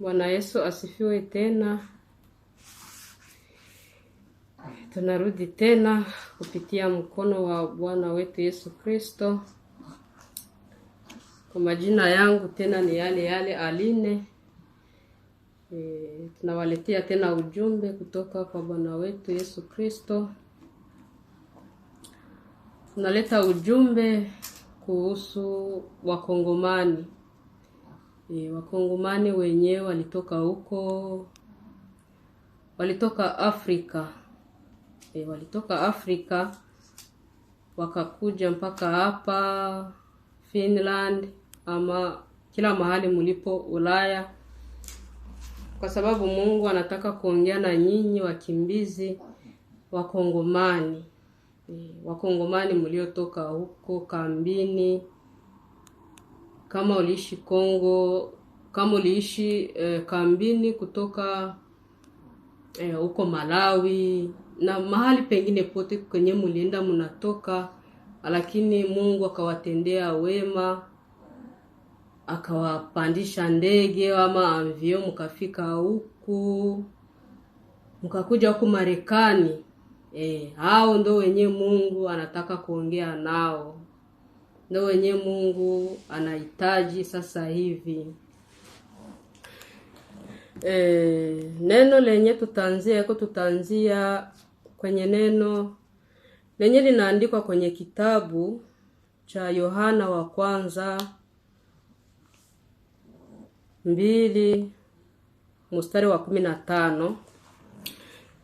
Bwana Yesu asifiwe tena. Tunarudi tena kupitia mkono wa Bwana wetu Yesu Kristo. Kwa majina yangu tena ni yale yale Aline. E, tunawaletea tena ujumbe kutoka kwa Bwana wetu Yesu Kristo. Tunaleta ujumbe kuhusu Wakongomani E, wakongomani wenyewe walitoka huko, walitoka Afrika e, walitoka Afrika wakakuja mpaka hapa Finland ama kila mahali mulipo Ulaya, kwa sababu Mungu anataka kuongea na nyinyi wakimbizi wakongomani e, wakongomani mliotoka huko kambini kama uliishi Kongo, kama uliishi eh, kambini kutoka eh, huko eh, Malawi na mahali pengine pote kwenye mulienda mnatoka lakini Mungu akawatendea wema, akawapandisha ndege ama avio, mkafika huku mkakuja huku Marekani. Eh, hao ndo wenye Mungu anataka kuongea nao ndio wenye Mungu anahitaji sasa hivi. E, neno lenye tutaanzia yako, tutaanzia kwenye neno lenye linaandikwa kwenye kitabu cha Yohana wa kwanza mbili mstari wa kumi na tano.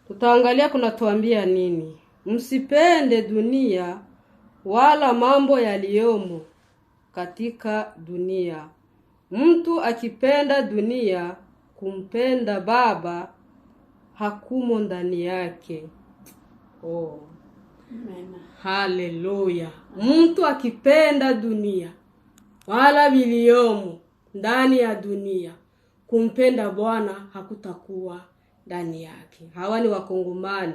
Tutaangalia kunatuambia nini. Msipende dunia wala mambo yaliyomo katika dunia. Mtu akipenda dunia, kumpenda Baba hakumo ndani yake. Oh. Haleluya! Mtu akipenda dunia wala viliomo ndani ya dunia, kumpenda Bwana hakutakuwa ndani yake. Hawa ni Wakongomani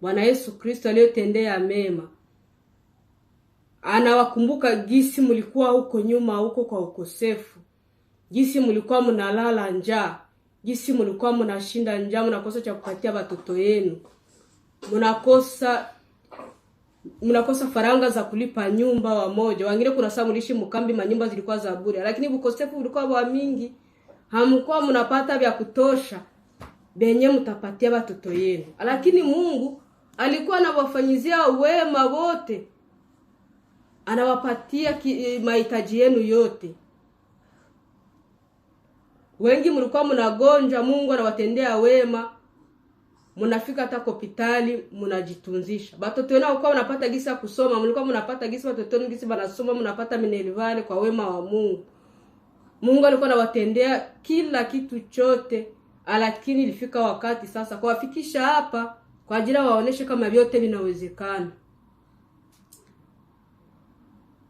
Bwana Yesu Kristo aliyotendea mema anawakumbuka gisi mlikuwa huko nyuma huko kwa ukosefu, gisi mlikuwa mnalala njaa, gisi mlikuwa mnashinda njaa, mnakosa cha kupatia watoto yenu, mnakosa mnakosa faranga za kulipa nyumba wa moja. Wengine kuna saa mliishi mkambi, manyumba zilikuwa za bure, lakini ukosefu ulikuwa wa mingi, hamkuwa mnapata vya kutosha benye mtapatia watoto yenu, lakini Mungu alikuwa anawafanyizia wema wote anawapatia eh, mahitaji yenu yote. Wengi mlikuwa mnagonja, Mungu anawatendea wema, mnafika hata hospitali mnajitunzisha. Batoto wenu kwa wanapata gisi ya kusoma, mlikuwa mnapata gisi watoto wenu gisi wanasoma, mnapata minerivale kwa wema wa Mungu. Mungu alikuwa anawatendea kila kitu chote, lakini ilifika wakati sasa kuwafikisha hapa kwa ajili waoneshe kama vyote vinawezekana.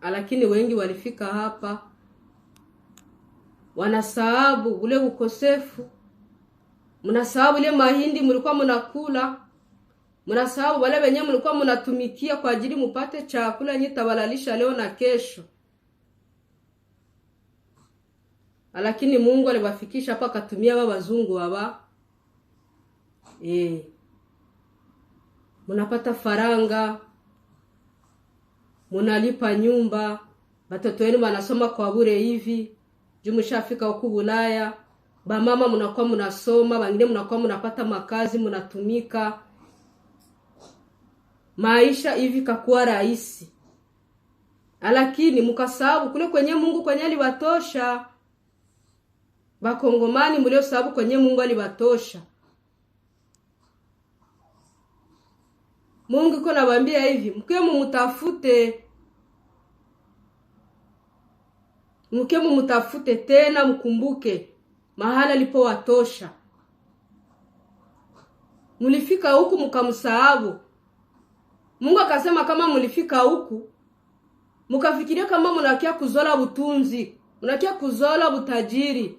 Ah, lakini wengi walifika hapa wanasahabu ule ukosefu, mnasahabu ile mahindi mlikuwa mnakula, mnasahabu wale wenyewe mlikuwa mnatumikia kwa ajili mupate chakula nyitawalalisha leo na kesho. Ah, lakini Mungu aliwafikisha hapa, akatumia wa wazungu hawa e, mnapata faranga munalipa nyumba, batoto wenu wanasoma kwa bure hivi juu mshafika huku Bulaya. Bamama mnakuwa mnasoma, wengine mnakuwa mnapata makazi, mnatumika. Maisha hivi kakuwa rahisi, lakini mkasababu kule kwenye Mungu kwenye aliwatosha Bakongomani sababu kwenye Mungu aliwatosha Mungu iko nawaambia hivi, mkiwe mumtafute, mkiwe mumtafute tena, mkumbuke mahala alipowatosha. Mulifika huku mkamsahau Mungu, akasema kama mulifika huku mukafikiria kama munakia kuzola butunzi, munakia kuzola butajiri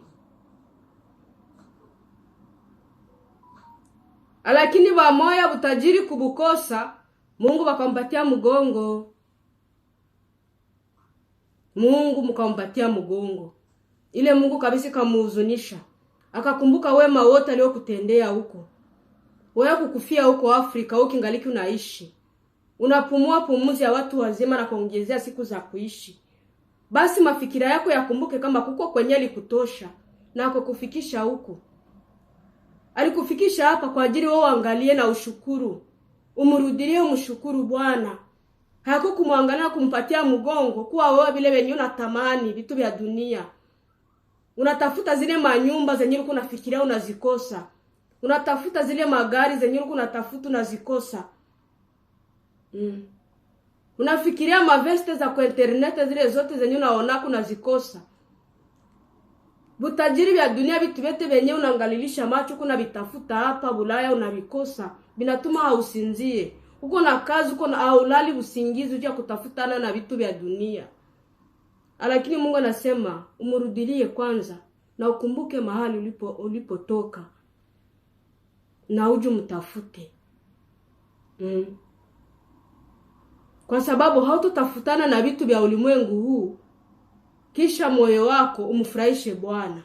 alakini wamoya butajiri kubukosa Mungu wakambatia mgongo, Mungu mukampatia mugongo Ile Mungu kabisa kamuhuzunisha, akakumbuka wema wote aliokutendea huko, wewe kukufia huko Afrika ukingaliki unaishi unapumua pumuzi ya watu wazima na kuongezea siku za kuishi, basi mafikira yako yakumbuke kama kuko kwenye likutosha na kukufikisha huko alikufikisha hapa kwa ajili wewe uangalie na ushukuru, umrudilie, umshukuru Bwana. Hako kumwangalia kumpatia mgongo, kuwa wewe vile wenyewe unatamani vitu vya dunia, unatafuta zile manyumba zenye uko unafikiria unazikosa, unatafuta zile magari zenye uko unatafuta unazikosa mm. Unafikiria maveste za kwa internet zile zote zenye unaona unazikosa Butajiri vya dunia, vitu vyote venye unaangalilisha macho kuna vitafuta hapa Bulaya unavikosa, vinatuma hausinzie, uko na kazi, uko na aulali usingizi uja kutafutana na vitu vya dunia. Lakini Mungu anasema umurudilie kwanza na ukumbuke mahali ulipo ulipotoka na uje mtafute mm. Kwa sababu hautotafutana na vitu vya ulimwengu huu kisha moyo wako umfurahishe Bwana.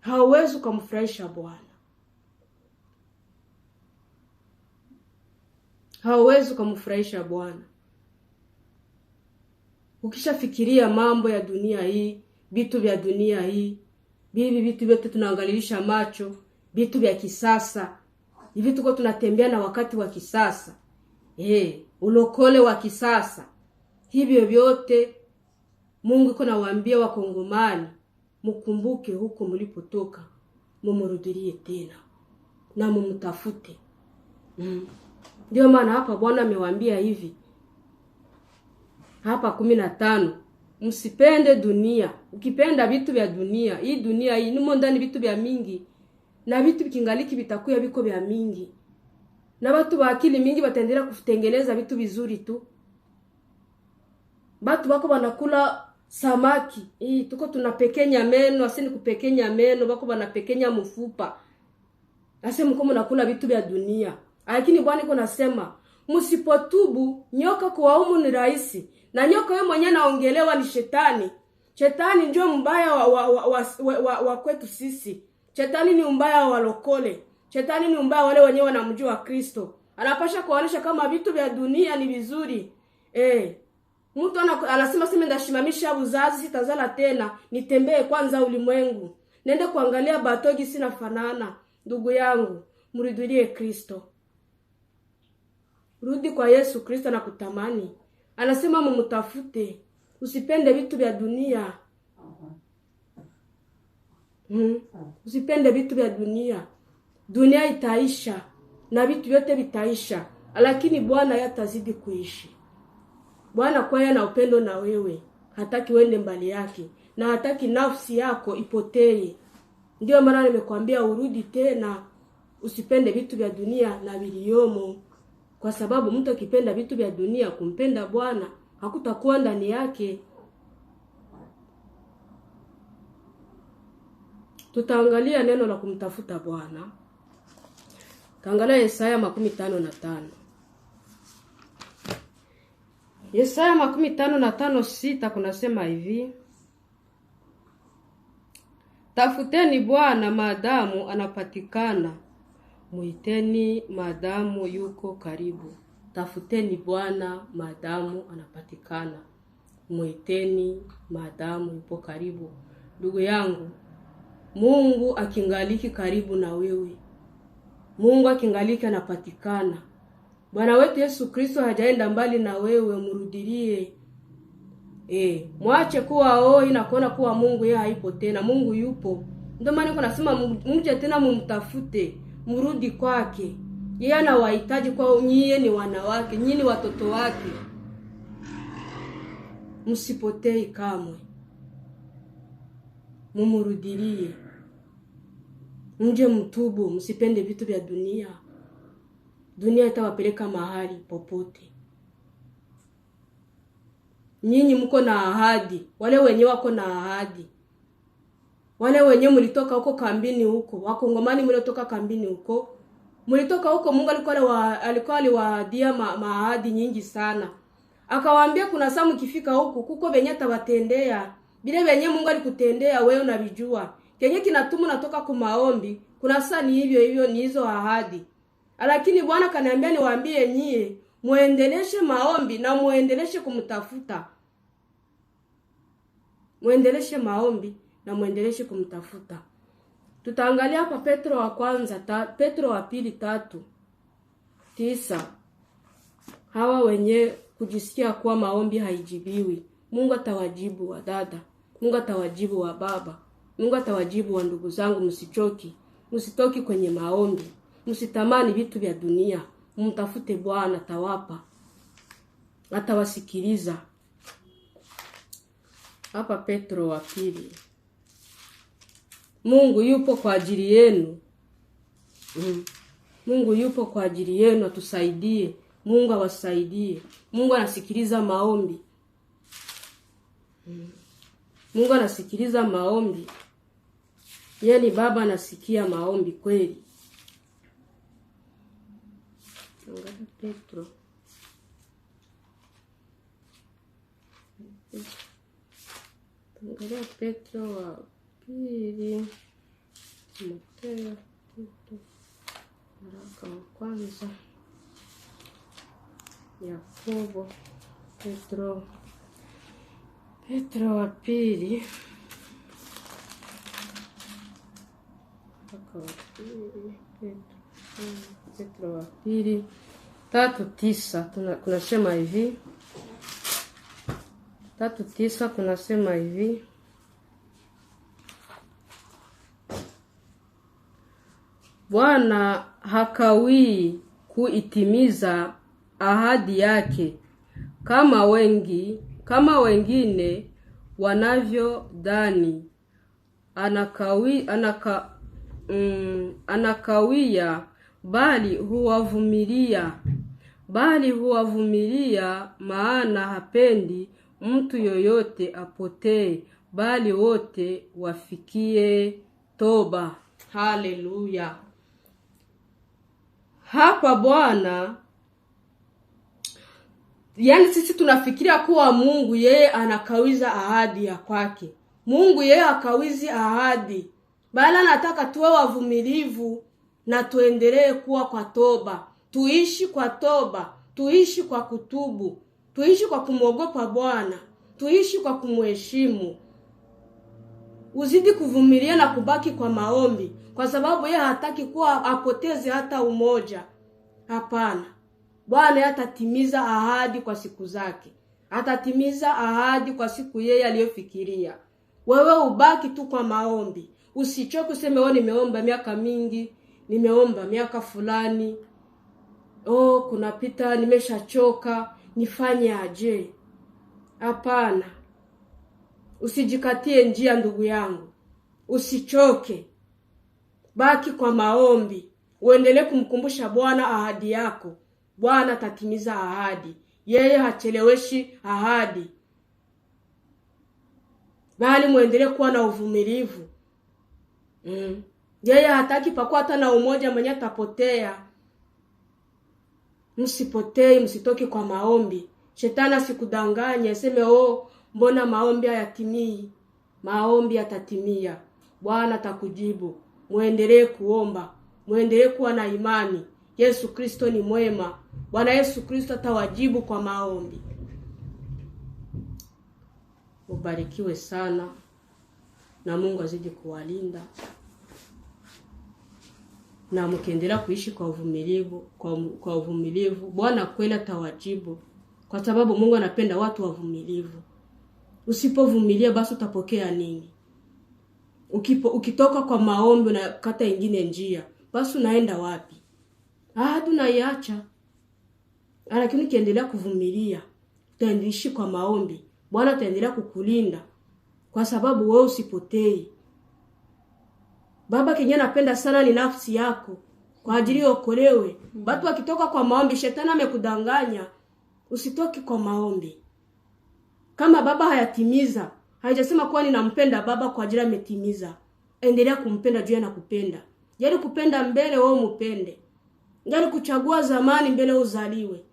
Hauwezi ukamfurahisha Bwana, hauwezi ukamfurahisha Bwana ukishafikiria mambo ya dunia hii, vitu vya dunia hii, bibi, vitu vyote tunaangalilisha macho, vitu vya kisasa hivi, tuko tunatembea na wakati wa kisasa eh, ulokole wa kisasa, hivyo vyote Mungu iko nawaambia Wakongomani, mukumbuke huko mlipotoka, mumurudilie tena na mumtafute. Mm. Ndio maana hapa Bwana amewaambia hivi hapa kumi na tano, msipende dunia. Ukipenda vitu vya dunia, hii dunia hii nimo ndani vitu vya mingi, na vitu vikingaliki vitakuya viko vya mingi, na watu wa akili mingi wataendelea kutengeneza vitu vizuri tu. Watu wako wanakula samaki hii tuko tunapekenya meno asini kupekenya meno bako banapekenya mfupa ase mko mnakula vitu vya dunia lakini bwana iko nasema msipotubu nyoka kuwaumu ni rahisi na nyoka wewe mwenyewe naongelewa ni shetani shetani ndio mbaya wa, wa, wa, wa, wa, wa, wa kwetu sisi shetani ni mbaya wa walokole shetani ni mbaya wale wenyewe wanamjua kristo anapasha kuonesha kama vitu vya dunia ni vizuri eh Mtu anasema sema ndashimamisha uzazi, sitazala tena, nitembee kwanza ulimwengu, nende kuangalia batogi sina fanana. Ndugu yangu, mrudilie Kristo, rudi kwa Yesu Kristo na kutamani. Anasema mumtafute, usipende vitu vya dunia hmm. Usipende vitu vya dunia, dunia itaisha na vitu vyote vitaisha, lakini Bwana yatazidi kuishi. Bwana kwaya na upendo na wewe, hataki uende mbali yake na hataki nafsi yako ipotee. ndio maana nimekwambia urudi tena, usipende vitu vya dunia na viliomo, kwa sababu mtu akipenda vitu vya dunia, kumpenda Bwana hakutakuwa ndani yake. Tutaangalia neno la kumtafuta Bwana, taangalia Isaya makumi tano na tano. Yesaya makumi tano na tano sita kunasema hivi Tafuteni Bwana maadamu anapatikana, muiteni maadamu yuko karibu. Tafuteni Bwana maadamu anapatikana, muiteni maadamu yupo karibu. Ndugu yangu, Mungu akingaliki karibu na wewe, Mungu akingaliki anapatikana. Bwana wetu Yesu Kristo hajaenda mbali na wewe, mrudilie. E, mwache kuwa oi na kuona kuwa Mungu yeye haipo tena. Mungu yupo. Ndio maana niko nasema mje tena mumtafute, mrudi kwake. Yeye anawahitaji kwa nyie, ni wanawake, nyie ni watoto wake. Msipotei kamwe, mumurudilie, mje mtubu, msipende vitu vya dunia dunia itawapeleka mahali popote. Nyinyi mko na ahadi, wale wenye wako na ahadi, wale wenye mlitoka huko kambini huko, wakongomani mliotoka kambini huko, mlitoka huko, Mungu alikuwa alikuwa aliwaadia maahadi nyingi sana, akawaambia kuna saa mkifika huko kuko venye atawatendea bile venye Mungu alikutendea wewe unavijua, kenye kinatuma natoka kumaombi. Kuna saa ni hivyo hivyo, ni hizo ahadi lakini Bwana kaniambia niwaambie nyie muendeleshe maombi na muendeleshe kumtafuta, muendeleshe maombi na muendeleshe kumtafuta. Tutaangalia hapa Petro wa kwanza ta, Petro wa pili tatu tisa. Hawa wenye kujisikia kuwa maombi haijibiwi, Mungu atawajibu wa dada, Mungu atawajibu wa baba, Mungu atawajibu wa ndugu zangu. Msichoki, msitoki kwenye maombi msitamani vitu vya dunia, mtafute Bwana tawapa atawasikiliza. Hapa Petro wa pili. Mungu yupo kwa ajili yenu. Mm. Mungu yupo kwa ajili yenu, atusaidie. Mungu awasaidie. Mungu anasikiliza maombi. Mm. Mungu anasikiliza maombi. ni yaani baba anasikia maombi kweli. lugar repetou. Tangaré Petroa Piri Motea Puto Kwanza fogo Petro Petroa Piri a Piri Petro Petro wa pili tatu tisa kunasema hivi tatu tisa kunasema hivi Bwana hakawii kuitimiza ahadi yake kama wengi kama wengine wanavyodhani anakawi, anaka, mm, anakawia bali huwavumilia, bali huwavumilia, maana hapendi mtu yoyote apotee, bali wote wafikie toba. Haleluya! Hapa Bwana yaani sisi tunafikiria kuwa Mungu yeye anakawiza ahadi ya kwake. Mungu yeye akawizi ahadi, bali anataka tuwe wavumilivu na tuendelee kuwa kwa toba tuishi kwa toba tuishi kwa kutubu tuishi kwa kumwogopa bwana tuishi kwa kumheshimu uzidi kuvumilia na kubaki kwa maombi kwa sababu yeye hataki kuwa apoteze hata umoja hapana bwana atatimiza ahadi kwa siku zake atatimiza ahadi kwa siku yeye aliyofikiria wewe ubaki tu kwa maombi usichoke useme o oh, nimeomba miaka mingi nimeomba miaka fulani, oh, kunapita, nimeshachoka, nifanye aje? Hapana, usijikatie njia ndugu yangu, usichoke, baki kwa maombi, uendelee kumkumbusha Bwana ahadi yako. Bwana atatimiza ahadi, yeye hacheleweshi ahadi, bali muendelee kuwa na uvumilivu mm. Yeye hataki pakuwa hata na umoja mwenye atapotea. Msipotei, msitoki kwa maombi. Shetani asikudanganye aseme oh, mbona maombi hayatimii? Maombi yatatimia. Bwana atakujibu. Muendelee kuomba, muendelee kuwa na imani. Yesu Kristo ni mwema. Bwana Yesu Kristo atawajibu kwa maombi. Ubarikiwe sana na Mungu azidi kuwalinda na mkiendelea kuishi kwa uvumilivu kwa, kwa uvumilivu Bwana kweli atawajibu kwa sababu Mungu anapenda watu wavumilivu. Usipovumilia basi utapokea nini? Ukipo, ukitoka kwa maombi na kata ingine njia, basi unaenda wapi? Ah, tunaiacha. Ah, lakini ukiendelea kuvumilia, utaendishi kwa maombi, Bwana ataendelea kukulinda kwa sababu wewe usipotei. Baba kijana anapenda sana ni nafsi yako kwa ajili uokolewe. Watu wakitoka kwa maombi, shetani amekudanganya. usitoki kwa maombi. Kama baba hayatimiza, haijasema kuwa ninampenda baba kwa ajili ametimiza. Endelea kumpenda juu na kupenda, Jali kupenda mbele wewe umpende, Jali kuchagua zamani mbele uzaliwe.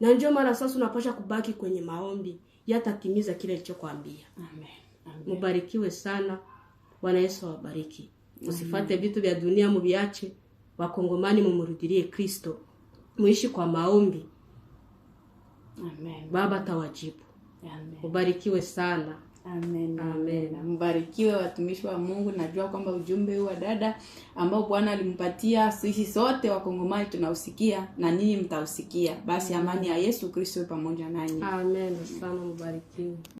Na ndio maana sasa unapasha kubaki kwenye maombi, yatatimiza kile alichokuambia. Amen. Amen. Mubarikiwe sana. Bwana Yesu awabariki musifate vitu vya dunia muviache. Wakongomani mumurudirie Kristo, muishi kwa maombi. Amen. Baba tawajibu. Amen. Ubarikiwe sana. Amen. Amen. Mbarikiwe watumishi wa Mungu. Najua kwamba ujumbe huu wa dada ambao Bwana alimpatia sisi sote wakongomani tunausikia na ninyi mtausikia. Basi amani ya Yesu Kristo pamoja nanyi. Amen. Sana mbarikiwe.